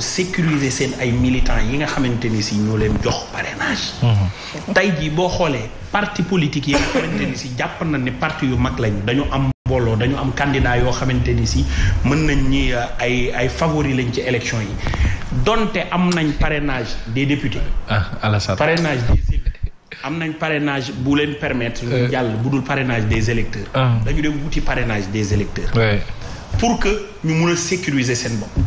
ko seen ay militants yi nga xamante ni si ñoo leen jox parrainage. Mhm. tey jii boo xoolee parti politique yi nga xamante ni si jàpp na ne parti yu mag lañu dañu am mbooloo dañu am candidat yoo xamante ni si mën nañ ñi euh, ay ay favori lañ ci élection yi donte am nañ parrainage des députés. ah Alassane parrainage des am nañ parrainage bu leen permetre ñu euh. jàll bu dul parrainage des électeurs. Ah. dañu dem wuti parrainage des électeurs. pour que ñu mun a sécuriser seen bopp.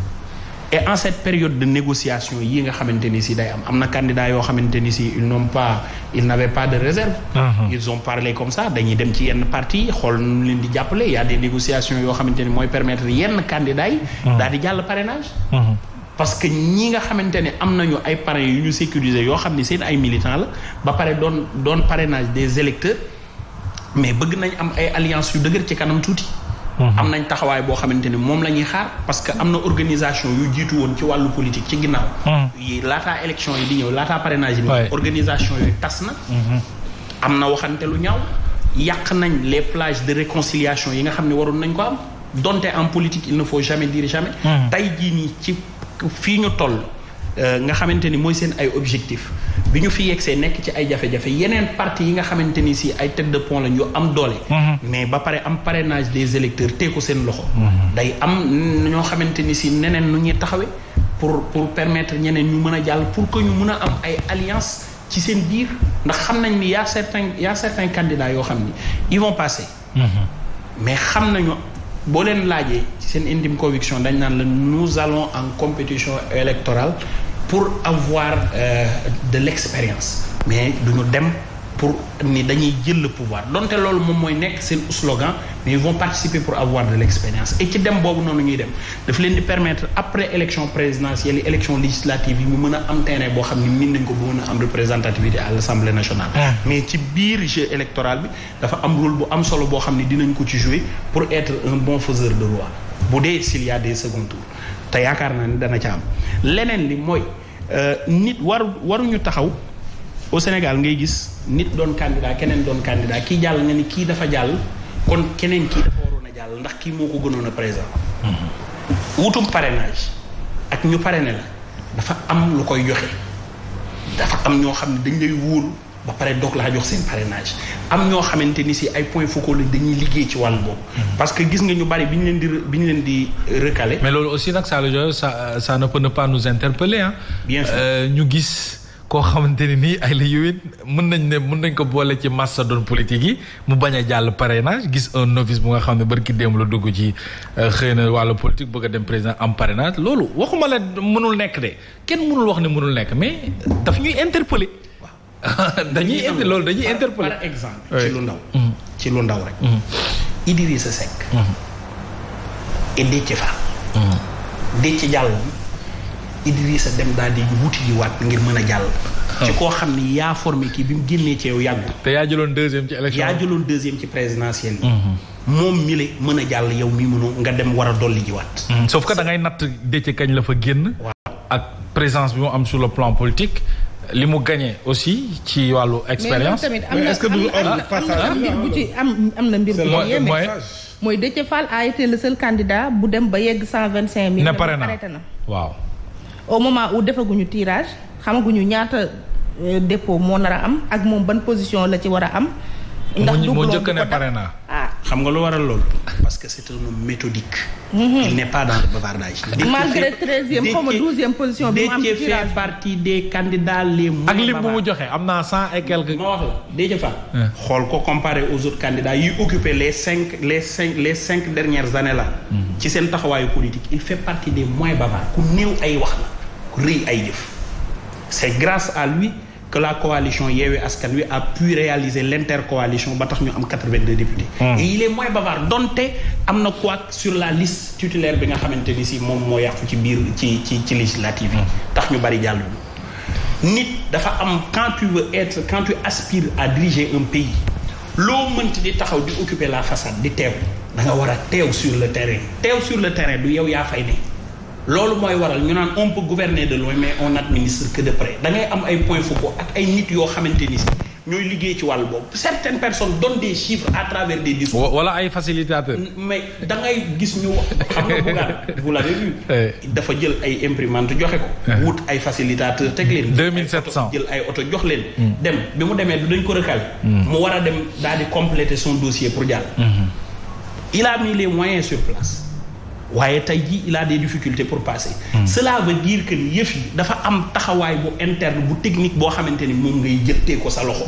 et en cette période de négociation yi nga xamante ni si day am am na candidat yoo xamante ni si ils n'ont pas ils n'avaient pas de réserve uh-huh. ils ont parlé comme ça dañuy dem ci yenn parti xool nu leen di jàppale y a des négociations yoo xamante ni mooy permettre yenn candidat yi uh-huh. daal di jàll parrainage uh-huh. parce que ñi nga xamante ne am nañu ay parrains yu ñu sécuriser yoo xam ne seen ay militants la ba pare doon doon parrainage des électeurs mais bëgg nañ am ay alliance yu dëgër ci kanam tuuti Mm-hmm. am nañ taxawaay boo xamante ni moom la ñuy xaar parce que am na organisation yu jiitu woon ci wàllu politique ci ginnaaw. Mm-hmm. yi laataa élection yi di ñëw laataa parrainage bi. organisation yooyu tas na. Mm-hmm. am na waxante lu ñaaw yàq nañ les plage de réconciliation yi nga xam ne waroon nañ ko am donte en politique il ne faut jamais dire jamais. tey jii nii ci fii ñu toll euh, nga xamante ni mooy seen ay objectif bi ñu fi yegsee nekk ci ay jafe-jafe yeneen parti yi nga xamante ni si ay tête de pont lañ yu am doole. Mhm. mais ba pare am parrainage des électeurs teeku seen loxo. Mhm. day am ñoo xamante ni si neneen nu ñuy taxawee pour pour permettre ñeneen ñu mën a jàll pour que ñu mun a am ay alliance ci seen biir ndax xam nañ ni y a certains y a certains candidats yoo xam ni ils vont passer. Mhm. mais xam nañu boo leen laajee ci seen intime conviction dañ naan la nous allons en compétition électorale. pour avoir euh, de l'expérience mais du ñu dem pour ni dañuy jël le pouvoir donte loolu moom mooy nekk seen slogan mais ils vont participer pour avoir de l'expérience et ci dem boobu noonu ñuy dem daf leen di permettre après élection présidentielle et élection législative yi mu mën a am terrain boo xam ne miin nañ ko ba mën a am représentativité à l'Assemblée nationale ah. mais ci biir jeu électoral bi dafa am rôle bu am solo boo xam ne dinañ ko ci jouer pour être un bon faiseur de loi bu dee a des second te yaakaar naa ni dana ca am leneen li mooy euh, nit waru waruñu taxaw au Sénégal ngay gis nit doon candidat keneen doon candidat kii jàll nga ni kii dafa jàll kon keneen kii dafa waroon a jàll ndax kii moo ko gënoon a présent mm-hmm. wutum parrainage ak ñu parrainé la dafa am lu koy joxe dafa am ñoo xam ne dañ lay wóolu ba pare doog la jox seen parrainage am ñoo xamante ni si ay points focaux la dañuy liggéey ci wàll boobu. Mm-hmm. parce que gis nga ñu bari bi ñu leen di bi ñu leen di euh, recalé. mais loolu aussi nag saa ça euh, ça ne peut ne pas nous interpeller ah. bien euh, ñu gis. koo xamante ne nii ay la mën nañ ne mën nañ ko boole ci mastodonte politique yi mu bañ a jàll parrainage gis un novice bu nga xam ne barki démb la dugg ci xëy na wàllu politique bëgg a dem président am parrainage loolu waxuma la mënul nekk de kenn mënul wax ne mënul nekk mais daf ñuy interpeller dañuy indi loolu dañuy interpellé par exemple ci lu ndaw mm-hmm. ci lu ndaw rek mm-hmm. Idrissa Seck mm-hmm. et Déthié Fall Déthié Diallo Idrissa dem daal di wuti ji waat ngir mën a jàll ci koo xam ni yaa formé kii bi mu génnee ci yow yàggul te yaa jëloon deuxième ci élection yaa ci présidentielle bi moom mi mën a jàll yow mi mënoo nga dem war a dolli ji waat sauf que da natt Déthié kañ la fa génn ak présence bi mu am sur le plan politique li mu gagné aussi ci wàllu expérience. mais tamit est-ce que du mbir bu ci am am na mbir bu mooy Déthié Fall a été le seul bu dem ba yegg cent vingt cinq mille. ne pare na waaw. au moment où defaguñu tirage xamaguñu ñaata euh, dépôt moo nar a am ak moom ban position la ci war a am. ndax du moo njëkk ne pare na. Ah. xam nga lu waral loolu. parce que c'est un homme méthodique. il n'est pas dans le bavardage. malgré treizième xaw douzième position bi am ci fait partie des candidats les moins ak lim am naa cent et quelques. ma wax la Déthié Fall. xool ko comparé aux autres candidats yu occupé les cinq les cinq les cinq dernières années la mm. ci seen taxawaayu politique il fait partie des moins bavards ku néew ay wax la ku rëy ay jëf c'est grâce à lui. que la coalition Yewwi Askan Wi a pu réaliser l'intercoalition ba tax ñu am 82 députés. Mmh. et il est moins bavard donte am na quoi sur la liste titulaire bi nga xamante ni si moom moo yàqu ci biir ci ci ci législative yi. tax ñu bari jàll. nit dafa am quand tu veux être quand tu aspires à diriger pays. loo mënt di taxaw di occuper la façade di teew da war a teew sur le terrain. teew sur le terrain du yow yaa fay ne. loolu mooy waral ñu naan on peut gouverner de loin mais on administre que de près da am ay points focaux ak ay nit yoo xamante ni si ñooy liggéey ci wàll boobu certaines personnes donnent des chiffres à travers des discours. wala ay facilitateurs. mais da ngay gis ñu wax xam nga Bougane vous l'avez eh. dafa jël ay imprimantes joxe ko. Eh. wut ay facilitateurs teg leen. 2700 jël ay oto jox leen. Hmm. dem bi mu demee du dañ ko recalé. Hmm. mu war a dem daal di compléter son dossier pour jàll. Hmm. il waaye tey jii il a des difficultés pour passer. Hmm. cela veut dire que yëf yi dafa am taxawaay bu interne bu technique boo xamante ni moom ngay jëttee ko sa loxo.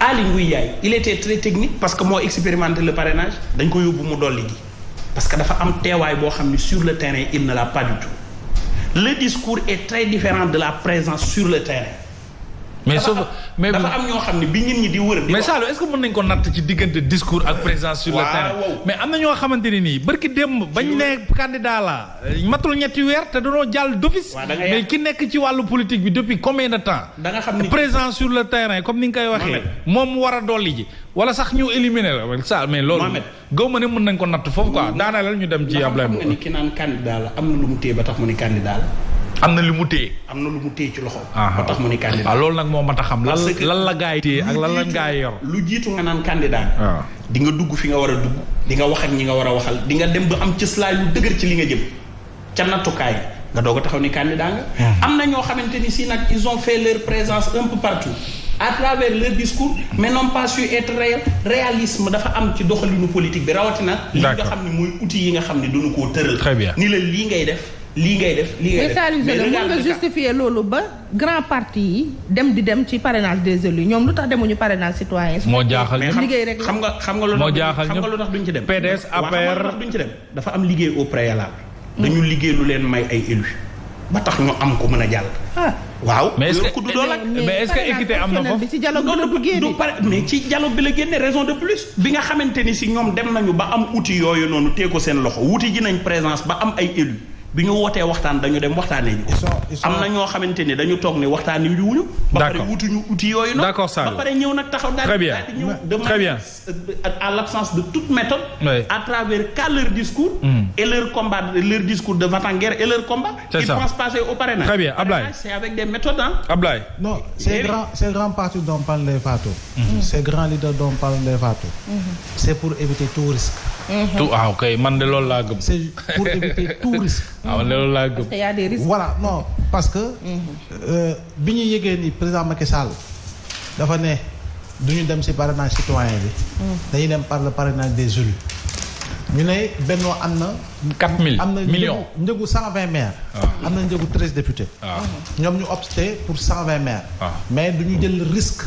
Ali Nguy Yaay il était très technique parce que moo expérimenté le parrainage dañ ko yóbbu mu dolli gi parce que dafa am teewaay boo xam ni sur le terrain il na l'a pas du tout le discours et très différent de la présence sur le terrain. mais sauf mais dafa am ñoo xam ne bi ñun ñi di est-ce que mën nañ ko natt ci diggante discours ak présence sur le terrain. mais am na ñoo xamante ne nii barki démb. bañ ne candidat la matul ñetti weer te danoo jàll d'office. mais ki nekk ci wàllu politique bi depuis combien de temps. da nga xam ni présence sur le terrain comme ni nga koy waxee. moom mu war a dolli ji. wala sax ñu éliminer la rek Saalum mais loolu. gaw ma ne mën nañ ko natt foofu quoi daanaka ñu dem ci. Ablaye Mbow. ndax naan candidat la am na am na lu mu téye. am na lu mu téye ci loxo. ba tax mu ni candidat waaw ah, loolu nag moo ma tax xam. lan lan la gaa yi ak lan la gaa yor. lu jiitu nga naan candidat ah. di nga dugg fi nga war a dugg. di nga wax ak ñi nga war a waxal di nga dem ba am cëslaay lu dëgër ci li nga jëm ca nattukaay nga doo ko taxaw ni candidat nga. Ah. am na ñoo xamante ni si nag ils ont fait leur présence un peu partout. à travers leur discours mais n'ont pas su être réel réalisme dafa am ci doxalinu politique bi rawatina. li nga xam ne mooy yi nga xam ne duñu koo tëral. très ni lii ngay def. lii ngay def lii ngay def mais Saliou mën nga justifier loolu ba grand parti yi dem di dem ci parrainage des élus ñoom lu tax demuñu parrainage citoyen. moo jaaxal ñëpp liggéey rek xam nga xam nga lu tax duñ ci dem. PDS APR duñ ci dem dafa am liggéey au préalable. dañu liggéey lu leen may ay élus ba tax ñu am ko mën a jàll. Ah. waaw mais est-ce que équité am na foofu ci dialogue mais ci dialogue bi la génne raison de plus bi nga xamante ni si ñoom dem nañu ba am outil yooyu noonu tee ko seen loxo wuti ji nañ présence ba am ay élus bi ñu wootee waxtaan dañu dem waxtaanee ñu ko. am na ñoo xamante ne dañu toog ne waxtaanee ñu wuñu. ba pare wutuñu outil yooyu noonu. d'accord Sall ba pare ñëw nag taxaw daal di ñëw à l'absence de toute méthode. à travers qu'à leur discours. Hmm. et leur combat leur discours de va et leur combat. c'est ça ils c'est avec des méthodes parle les Fatou. ces grands leaders dont parle les Fatou. Hmm. Hmm. c'est pour éviter tout risque. tout ah, waaw kay man de loolu laa gëm. c'est pour ah, parce que a des voilà non parce que. Mm-hmm. Euh, bi ñu yëgee ni président Macky Sall dafa ne du ñu dem ci parrainage citoyen bi. Mm-hmm. dañuy dem par le parrainage des élus. ñu ne Benno am na. 4000 ah. am na njëgu njëgu 120 maires. am na njëgu 13 députés. Mm-hmm. ñoom ñu opté pour 120 maires. mais du ñu jël risque.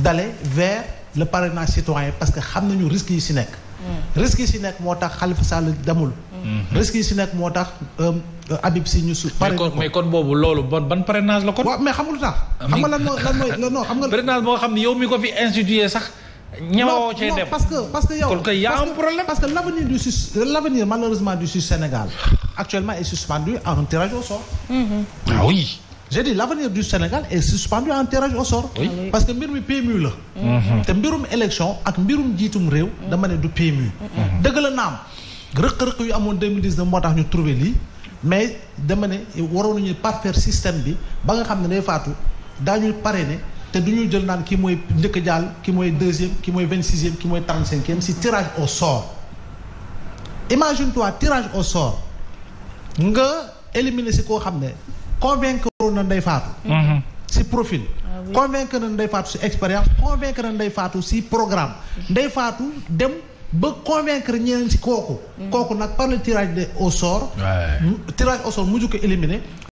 d'aller vers le parrainage citoyen parce que xam nañu risque yi ci nekk. Mm. risque yi si nekk moo tax Khalifa Sall demul. Mm-hmm. risque si nekk moo tax euh, euh, Habib si ñu. su pare kon boobu loolu bon ban parrainage la kon. waaw mais xamul tax. Ah, xam nga lan moo lan mooy xam nga. parrainage boo xam ne yow mi ko fi institué sax. ñëwoo cee dem parce que parce que yow. kon a un problème parce que l' avenir du sus l' avenir malheureusement du sus Sénégal actuellement est suspendu à un tirage au sort. Ah j'ai dit l'avenir du Sénégal est suspendu en tirage au sort parce que mbir mi PMU la mhm. te mbirum élection ak mbirum jiitum réew dama ne du PMU mhm. dëgg la naam rëq-rëq yu amoon moo tax ñu trouvé lii mais dama ne waroon nañu parfaire système bi ba nga xam ne day faatu daañu ne te du ñu jël naan ki mooy njëkk a jàll ki mooy deuxième ki mooy vingt sixième ki mooy trente cinquième si tirage au sort imagine toi tirage au sort nga éliminer si koo xam ne convaincre na Ndeye Fatou mm-hmm. si profil ah, convaincre na Ndeye Fatou si expérience convaincre na Ndeye Fatou si programme mm-hmm. Ndeye Fatou dem ba convaincre ñeneen si kooku mm-hmm. kooku nag par le tirage au sort tirage au sort ko éliminer